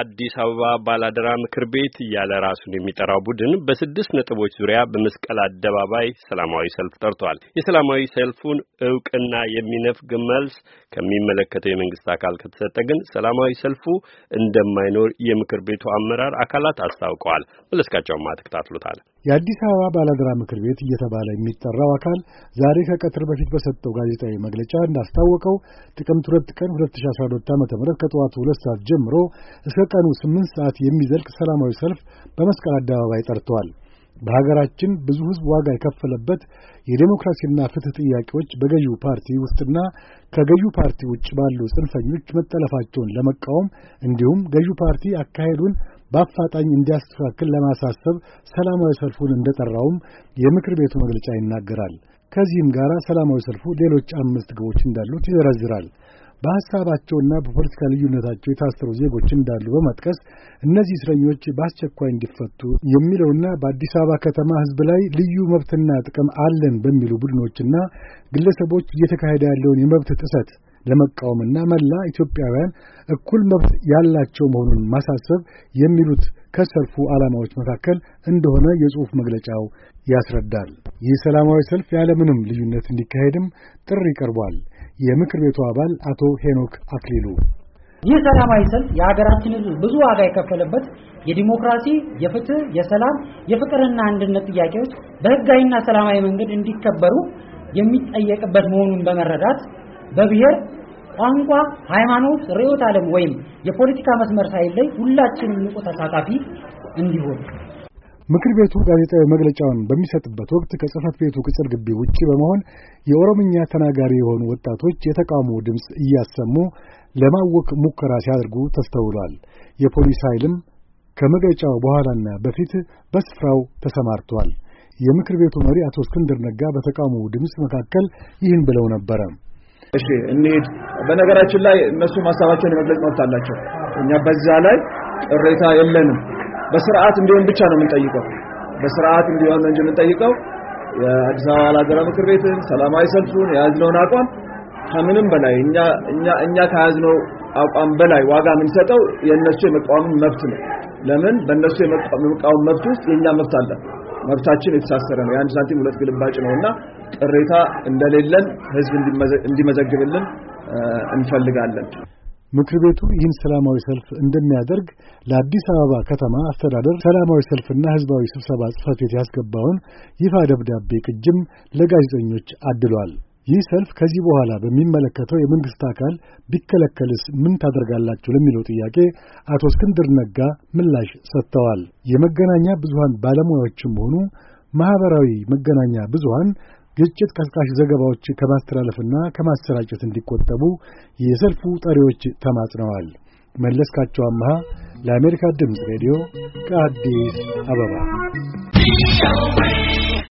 አዲስ አበባ ባላደራ ምክር ቤት እያለ ራሱን የሚጠራው ቡድን በስድስት ነጥቦች ዙሪያ በመስቀል አደባባይ ሰላማዊ ሰልፍ ጠርቷል። የሰላማዊ ሰልፉን እውቅና የሚነፍግ መልስ ከሚመለከተው የመንግስት አካል ከተሰጠ ግን ሰላማዊ ሰልፉ እንደማይኖር የምክር ቤቱ አመራር አካላት አስታውቀዋል። መለስካቸውማ ተከታትሎታል። የአዲስ አበባ ባላደራ ምክር ቤት እየተባለ የሚጠራው አካል ዛሬ ከቀትር በፊት በሰጠው ጋዜጣዊ መግለጫ እንዳስታወቀው ጥቅምት ሁለት ቀን 2012 ዓ ም ከጠዋቱ ሁለት ሰዓት ጀምሮ እስከ ቀኑ ስምንት ሰዓት የሚዘልቅ ሰላማዊ ሰልፍ በመስቀል አደባባይ ጠርተዋል። በሀገራችን ብዙ ሕዝብ ዋጋ የከፈለበት የዴሞክራሲና ፍትህ ጥያቄዎች በገዢው ፓርቲ ውስጥና ከገዢው ፓርቲ ውጭ ባሉ ጽንፈኞች መጠለፋቸውን ለመቃወም እንዲሁም ገዢው ፓርቲ አካሄዱን በአፋጣኝ እንዲያስተካክል ለማሳሰብ ሰላማዊ ሰልፉን እንደጠራውም የምክር ቤቱ መግለጫ ይናገራል። ከዚህም ጋር ሰላማዊ ሰልፉ ሌሎች አምስት ግቦች እንዳሉት ይዘረዝራል። በሐሳባቸውና በፖለቲካ ልዩነታቸው የታሰሩ ዜጎች እንዳሉ በመጥቀስ እነዚህ እስረኞች በአስቸኳይ እንዲፈቱ የሚለውና በአዲስ አበባ ከተማ ሕዝብ ላይ ልዩ መብትና ጥቅም አለን በሚሉ ቡድኖችና ግለሰቦች እየተካሄደ ያለውን የመብት ጥሰት ለመቃወምና መላ ኢትዮጵያውያን እኩል መብት ያላቸው መሆኑን ማሳሰብ የሚሉት ከሰልፉ ዓላማዎች መካከል እንደሆነ የጽሑፍ መግለጫው ያስረዳል። ይህ ሰላማዊ ሰልፍ ያለምንም ልዩነት እንዲካሄድም ጥሪ ቀርቧል። የምክር ቤቱ አባል አቶ ሄኖክ አክሊሉ ይህ ሰላማዊ ሰልፍ የሀገራችን ሕዝብ ብዙ ዋጋ የከፈለበት የዲሞክራሲ፣ የፍትህ፣ የሰላም፣ የፍቅርና አንድነት ጥያቄዎች በህጋዊና ሰላማዊ መንገድ እንዲከበሩ የሚጠየቅበት መሆኑን በመረዳት በብሔር ቋንቋ፣ ሃይማኖት፣ ርዕዮተ ዓለም ወይም የፖለቲካ መስመር ሳይለይ ሁላችንም ንቁ ተሳታፊ እንዲሆን ምክር ቤቱ ጋዜጣዊ መግለጫውን በሚሰጥበት ወቅት ከጽህፈት ቤቱ ቅጽር ግቢ ውጭ በመሆን የኦሮምኛ ተናጋሪ የሆኑ ወጣቶች የተቃውሞ ድምፅ እያሰሙ ለማወክ ሙከራ ሲያደርጉ ተስተውሏል። የፖሊስ ኃይልም ከመግለጫው በኋላና በፊት በስፍራው ተሰማርቷል። የምክር ቤቱ መሪ አቶ እስክንድር ነጋ በተቃውሞ ድምፅ መካከል ይህን ብለው ነበረ። እሺ እንሂድ። በነገራችን ላይ እነሱ ሀሳባቸውን የመግለጽ መብት አላቸው። እኛ በዛ ላይ ቅሬታ የለንም። በስርዓት እንዲሆን ብቻ ነው የምንጠይቀው። በስርዓት እንዲሆን ነው እንጂ የምንጠይቀው የአዲስ አበባ ሀገረ ምክር ቤትን ሰላማዊ ሰልፉን የያዝነውን አቋም ከምንም በላይ እኛ እኛ እኛ ከያዝነው አቋም በላይ ዋጋ የምንሰጠው የእነሱ የመቃወምን መብት ነው። ለምን በእነሱ የመቃወም መብት ውስጥ የኛ መብት አለ። መብታችን የተሳሰረ ነው። የአንድ ሳንቲም ሁለት ግልባጭ ነውና ቅሬታ እንደሌለን ህዝብ እንዲመዘግብልን እንፈልጋለን። ምክር ቤቱ ይህን ሰላማዊ ሰልፍ እንደሚያደርግ ለአዲስ አበባ ከተማ አስተዳደር ሰላማዊ ሰልፍና ህዝባዊ ስብሰባ ጽሕፈት ቤት ያስገባውን ይፋ ደብዳቤ ቅጅም ለጋዜጠኞች አድሏል። ይህ ሰልፍ ከዚህ በኋላ በሚመለከተው የመንግስት አካል ቢከለከልስ ምን ታደርጋላችሁ ለሚለው ጥያቄ አቶ እስክንድር ነጋ ምላሽ ሰጥተዋል። የመገናኛ ብዙሃን ባለሙያዎችም ሆኑ ማህበራዊ መገናኛ ብዙሃን ግጭት ቀስቃሽ ዘገባዎች ከማስተላለፍና ከማሰራጨት እንዲቆጠቡ የሰልፉ ጠሪዎች ተማጽነዋል። መለስካቸው አምሃ ለአሜሪካ ድምፅ ሬዲዮ ከአዲስ አበባ